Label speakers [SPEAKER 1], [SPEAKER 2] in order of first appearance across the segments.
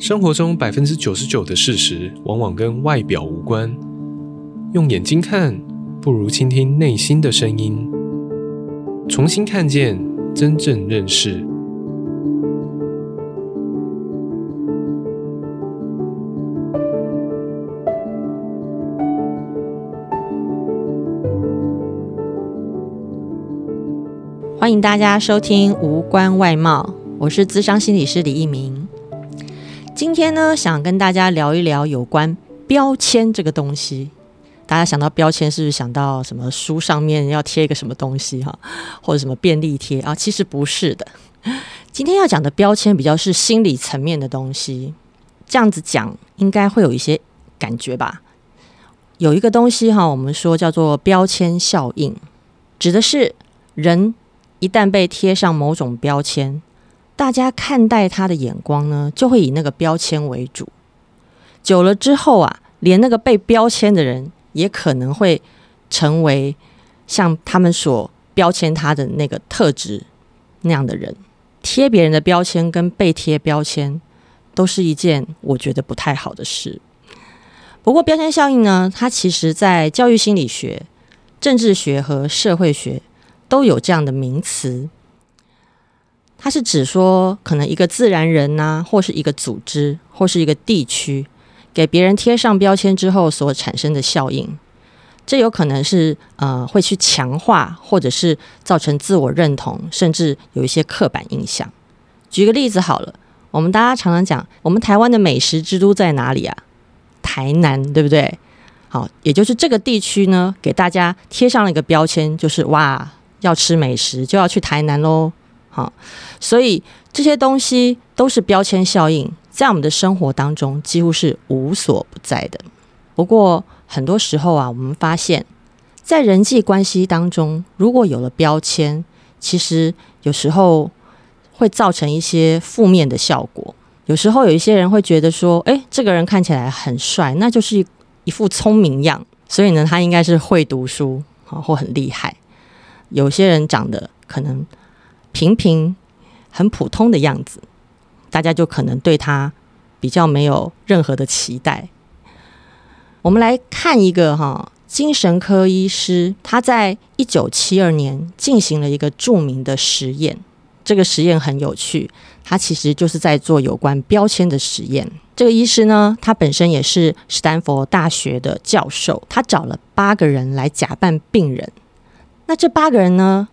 [SPEAKER 1] 生活中百分之九十九的事實，往往跟外表無關。用眼睛看，不如傾聽內心的聲音，重新看見，真正認識。歡迎大家收聽《無關外貌》，我是諮商心理師李一鳴。今天呢，想跟大家聊一聊有關標籤這個東西。大家想到標籤，是不是想到什麼書上面要貼一個什麼東西哈，或者什麼便利貼啊？其實不是的。今天要講的標籤比較是心理層面的東西，這樣子講應該會有一些感覺吧。有一個東西哈，我們說叫做標籤效應，指的是人一旦被貼上某種標籤，大家看待他的眼光呢，就會以那個標籤為主。久了之後啊，連那個被標籤的人也可能會成為像他們所標籤他的那個特質那樣的人。貼別人的標籤跟被貼標籤都是一件我覺得不太好的事。不過標籤效應呢，它其實在教育心理學、政治學和社會學都有這樣的名詞。它是指說，可能一個自然人吶、啊，或是一個組織，或是一個地區，給別人貼上標籤之後所產生的效應，這有可能是呃，會去強化，或者是造成自我認同，甚至有一些刻板印象。舉個例子好了，我們大家常常講，我們台灣的美食之都在哪裡啊？台南，對不對？好，也就是這個地區呢，給大家貼上了一個標籤，就是哇，要吃美食就要去台南嘍。啊，所以這些東西都是標籤效應，在我們的生活當中幾乎是無所不在的。不過很多時候啊，我們發現，在人際關係當中，如果有了標籤，其實有時候會造成一些負面的效果。有時候有一些人會覺得說：“哎、欸，這個人看起來很帥，那就是一，一副聰明樣，所以呢，他應該是會讀書啊，或很厲害。”有些人長得可能，平平很普通的樣子，大家就可能對他比較沒有任何的期待。我們來看一個哈，精神科醫師，他在一九七二年進行了一個著名的實驗。這個實驗很有趣，他其實就是在做有關標籤的實驗。這個醫師呢，他本身也是斯坦福大學的教授，他找了八個人來假扮病人。那這八個人呢？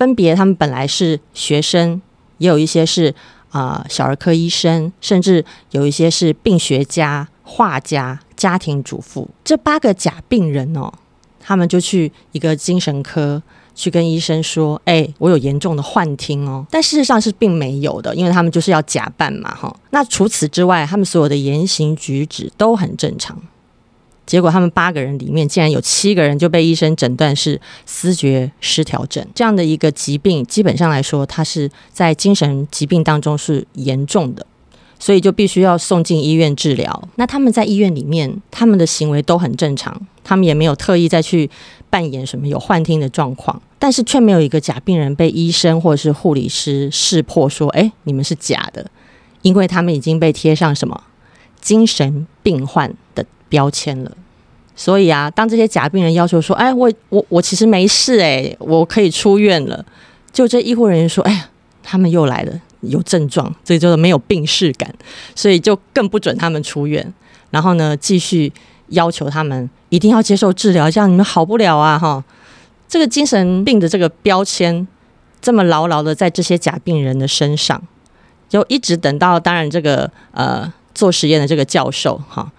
[SPEAKER 1] 分別，他們本來是學生，也有一些是啊、呃，小兒科醫生，甚至有一些是病學家、畫家、家庭主婦。這八個假病人哦，他們就去一個精神科，去跟醫生說：“哎、欸，我有嚴重的幻聽哦。”但事實上是並沒有的，因為他們就是要假扮嘛，哈。那除此之外，他們所有的言行舉止都很正常。結果他們八個人裡面，竟然有七個人就被醫生診斷是思覺失調症。這樣的一個疾病，基本上來說，它是在精神疾病當中是嚴重的，所以就必須要送進醫院治療。那他們在醫院裡面，他們的行為都很正常，他們也沒有特意再去扮演什麼有幻聽的狀況，但是卻沒有一個假病人被醫生或者是護理師識破說：“誒，你們是假的，因為他們已經被貼上什麼精神病患。”標籤了，所以啊，當這些假病人要求說：“哎，我我我其實沒事哎、欸，我可以出院了。”就這醫護人員說：“哎呀，他們又來了，有症狀，所以就是沒有病識感，所以就更不准他們出院。然後呢，繼續要求他們一定要接受治療，這樣你們好不了啊！哈，這個精神病的這個標籤這麼牢牢的在這些假病人的身上，就一直等到當然這個呃做實驗的這個教授哈。”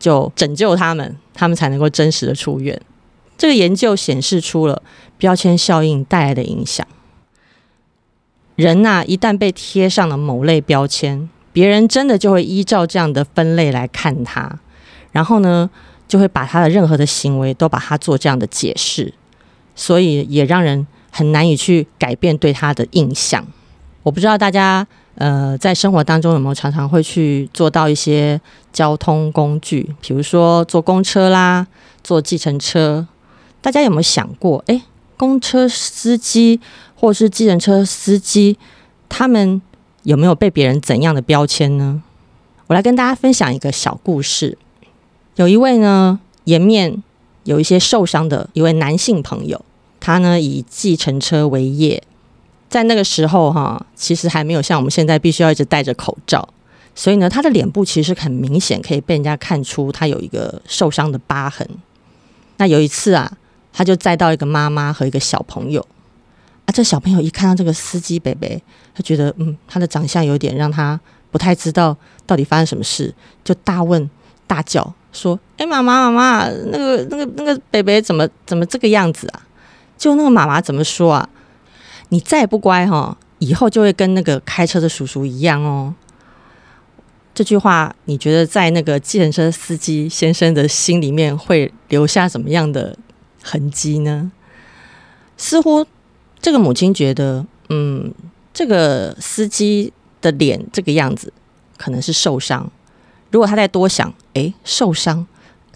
[SPEAKER 1] 就拯救他們，他們才能夠真實的出院。這個研究顯示出了標籤效應帶來的影響。人吶、啊，一旦被貼上了某類標籤，別人真的就會依照這樣的分類來看他，然後呢，就會把他的任何的行為都把他做這樣的解釋，所以也讓人很難以去改變對他的印象。我不知道大家。呃，在生活當中有沒有常常會去做到一些交通工具，比如說坐公車啦、坐計程車？大家有沒有想過，哎、欸，公車司機或是計程車司機，他們有沒有被別人怎樣的標籤呢？我來跟大家分享一個小故事。有一位呢，顏面有一些受傷的一位男性朋友，他呢以計程車為業。在那個時候，哈，其實還沒有像我們現在必須要一直戴着口罩，所以呢，他的臉部其實很明顯可以被人家看出他有一個受傷的疤痕。那有一次啊，他就載到一個媽媽和一個小朋友，啊，這小朋友一看到這個司機伯伯，他覺得嗯，他的長相有點讓他不太知道到底發生什麼事，就大問大叫說：“哎，媽媽，媽媽，那個那個那個伯伯怎麼怎麼這個樣子啊？”就那個媽媽怎麼說啊？你再也不乖哈、哦，以後就會跟那個開車的叔叔一樣哦。這句話你覺得在那個計程車司機先生的心裡面會留下怎麼樣的痕跡呢？似乎這個母親覺得，嗯，這個司機的臉這個樣子可能是受傷。如果他再多想，哎，受傷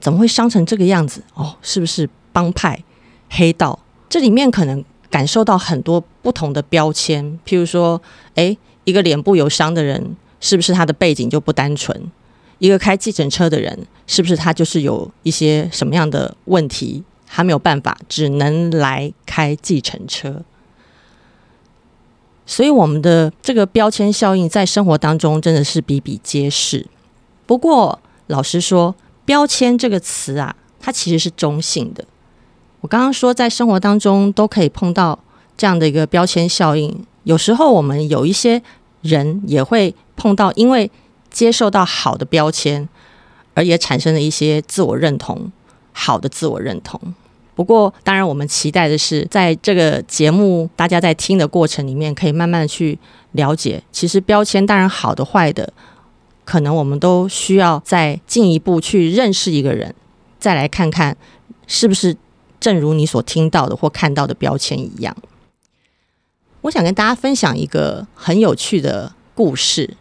[SPEAKER 1] 怎麼會傷成這個樣子？哦，是不是幫派黑道？這裡面可能，感受到很多不同的標籤，譬如說，哎、欸，一個臉部有傷的人，是不是他的背景就不單純？一個開計程車的人，是不是他就是有一些什麼樣的問題，還沒有辦法，只能來開計程車？所以，我們的這個標籤效應在生活當中真的是比比皆是。不過，老實說，標籤這個詞啊，它其實是中性的。我剛剛說，在生活當中都可以碰到這樣的一個標籤效應。有時候我們有一些人也會碰到，因為接受到好的標籤，而也產生了一些自我認同，好的自我認同。不過，當然我們期待的是，在這個節目大家在聽的過程裡面，可以慢慢去了解，其實標籤當然好的、壞的，可能我們都需要再進一步去認識一個人，再來看看是不是。正如你所聽到的或看到的標籤一樣，我想跟大家分享一個很有趣的故事。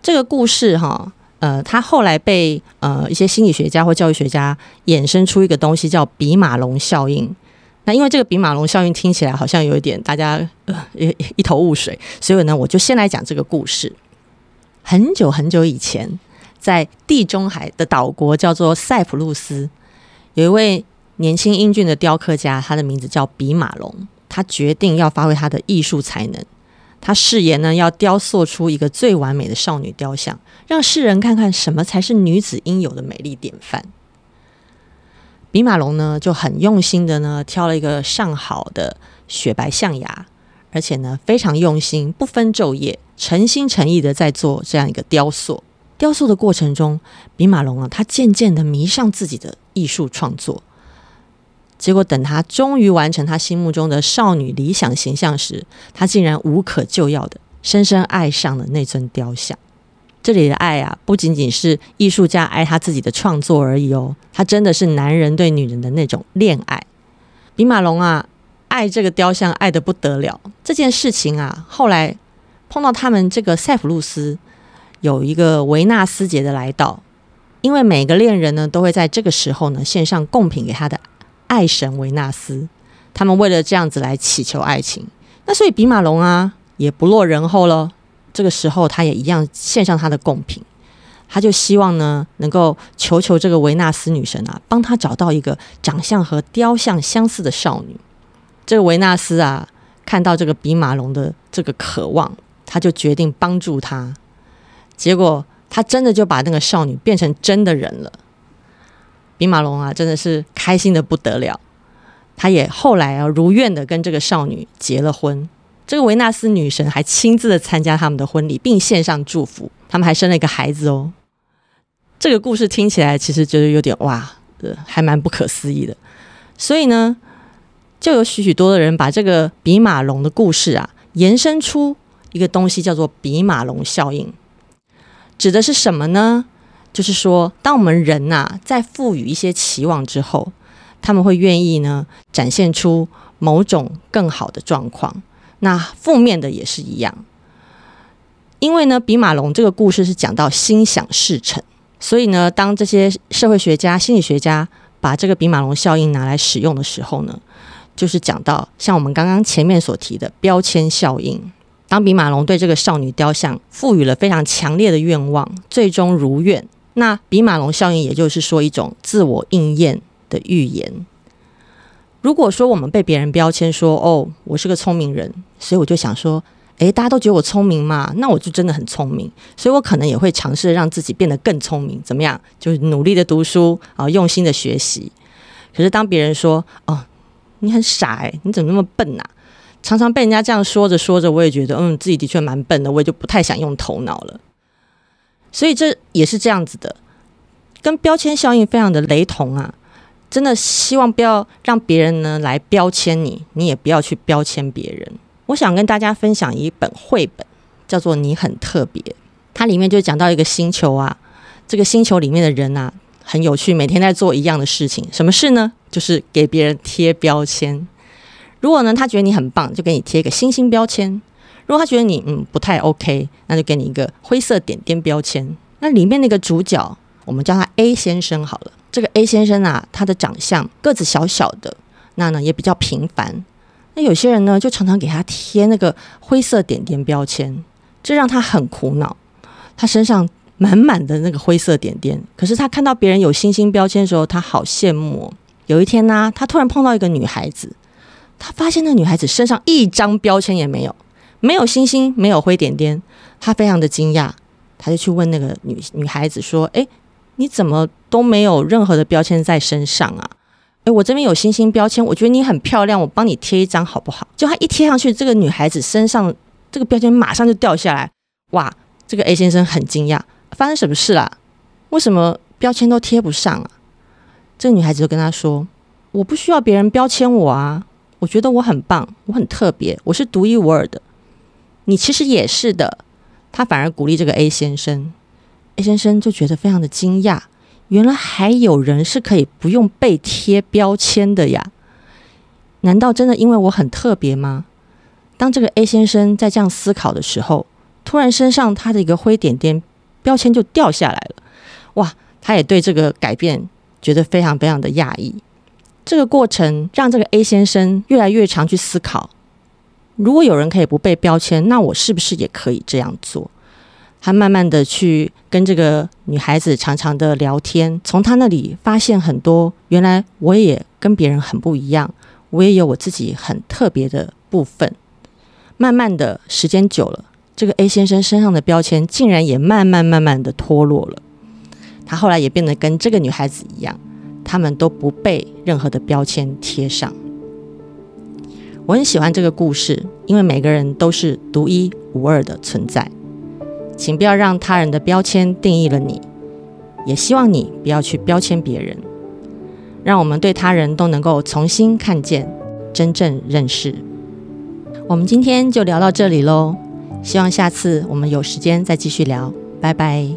[SPEAKER 1] 這個故事哈、哦，呃，它後來被呃一些心理學家或教育學家衍生出一個東西，叫“比馬龍效應”。那因為這個“比馬龍效應”聽起來好像有一點大家呃一頭霧水，所以呢，我就先來講這個故事。很久很久以前，在地中海的島國叫做塞浦路斯，有一位。年輕英俊的雕刻家，他的名字叫比馬龍。他決定要發揮他的藝術才能，他誓言呢要雕塑出一個最完美的少女雕像，讓世人看看什麼才是女子應有的美麗典範。比馬龍呢就很用心的呢，挑了一個上好的雪白象牙，而且呢非常用心，不分晝夜，誠心誠意的在做這樣一個雕塑。雕塑的過程中，比馬龍啊，他漸漸的迷上自己的藝術創作。結果，等他終於完成他心目中的少女理想形象時，他竟然無可救藥的深深愛上了那尊雕像。這裡的愛啊，不僅僅是藝術家愛他自己的創作而已哦，他真的是男人對女人的那種戀愛。比馬龍啊，愛這個雕像愛得不得了。這件事情啊，後來碰到他們這個塞浦路斯有一個維納斯節的來到，因為每個戀人呢，都會在這個時候呢，獻上貢品給他的愛。愛神維納斯，他們為了這樣子來祈求愛情，那所以比馬龍啊也不落人後了。這個時候，他也一樣獻上他的貢品，他就希望呢能夠求求這個維納斯女神啊，幫他找到一個長相和雕像相似的少女。這個維納斯啊，看到這個比馬龍的這個渴望，他就決定幫助他。結果，他真的就把那個少女變成真的人了。比馬龍啊，真的是開心得不得了。他也後來啊，如願的跟這個少女結了婚。這個維納斯女神還親自的參加他們的婚禮，並獻上祝福。他們還生了一個孩子哦。這個故事聽起來其實就是有點哇、呃，還蠻不可思議的。所以呢，就有許許多的人把這個比馬龍的故事啊，延伸出一個東西，叫做比馬龍效應，指的是什麼呢？就是說，當我們人吶、啊、在賦予一些期望之後，他們會願意呢展現出某種更好的狀況。那負面的也是一樣，因為呢，比馬龍這個故事是講到心想事成，所以呢，當這些社會學家、心理學家把這個比馬龍效應拿來使用的時候呢，就是講到像我們剛剛前面所提的標籤效應。當比馬龍對這個少女雕像賦予了非常強烈的願望，最終如願。那比馬龍效應，也就是說一種自我應驗的預言。如果說我們被別人標籤說“哦，我是個聰明人”，所以我就想說：“誒，大家都覺得我聰明嘛，那我就真的很聰明。”所以，我可能也會嘗試讓自己變得更聰明，怎麼樣？就是努力的讀書啊，用心的學習。可是，當別人說“哦，你很傻誒、欸，你怎麼那麼笨呢、啊？”常常被人家這樣說着說着，我也覺得嗯，自己的確蠻笨的，我也就不太想用頭腦了。所以這也是這樣子的，跟標籤效應非常的雷同啊！真的希望不要讓別人呢來標籤你，你也不要去標籤別人。我想跟大家分享一本繪本，叫做《你很特別》，它裡面就講到一個星球啊，這個星球裡面的人啊很有趣，每天在做一樣的事情，什麼事呢？就是給別人貼標籤。如果呢他覺得你很棒，就給你貼一個星星標籤。如果他覺得你嗯不太 OK，那就給你一個灰色點點標籤。那裡面那個主角，我們叫他 A 先生好了。這個 A 先生啊，他的長相個子小小的，那呢也比較平凡。那有些人呢，就常常給他貼那個灰色點點標籤，這讓他很苦惱。他身上滿滿的那個灰色點點，可是他看到別人有星星標籤的時候，他好羨慕。有一天呢，啊，他突然碰到一個女孩子，他發現那女孩子身上一張標籤也沒有。沒有星星，沒有灰點點，他非常的驚訝，他就去問那個女女孩子說：“哎，你怎麼都沒有任何的標籤在身上啊？哎，我這邊有星星標籤，我覺得你很漂亮，我幫你貼一張好不好？”就他一貼上去，這個女孩子身上這個標籤馬上就掉下來。哇，這個 A 先生很驚訝，發生什麼事啦？為什麼標籤都貼不上啊？這個女孩子就跟他說：“我不需要別人標籤我啊，我覺得我很棒，我很特別，我是獨一無二的。”你其實也是的，他反而鼓勵這個 A 先生，A 先生就覺得非常的驚訝，原來還有人是可以不用被貼標籤的呀？難道真的因為我很特別嗎？當這個 A 先生在這樣思考的時候，突然身上他的一個灰點點標籤就掉下來了，哇！他也對這個改變覺得非常非常的訝異。這個過程讓這個 A 先生越來越常去思考。如果有人可以不被標籤，那我是不是也可以這樣做？他慢慢的去跟這個女孩子常常的聊天，從她那裡發現很多，原來我也跟別人很不一樣，我也有我自己很特別的部分。慢慢的，時間久了，這個 A 先生身上的標籤竟然也慢慢慢慢的脫落了。他後來也變得跟這個女孩子一樣，他們都不被任何的標籤貼上。我很喜歡這個故事，因為每個人都是獨一無二的存在。請不要讓他人的標籤定義了你，也希望你不要去標籤別人，讓我們對他人都能夠重新看見、真正認識。我們今天就聊到這裡嘍，希望下次我們有時間再繼續聊。拜拜。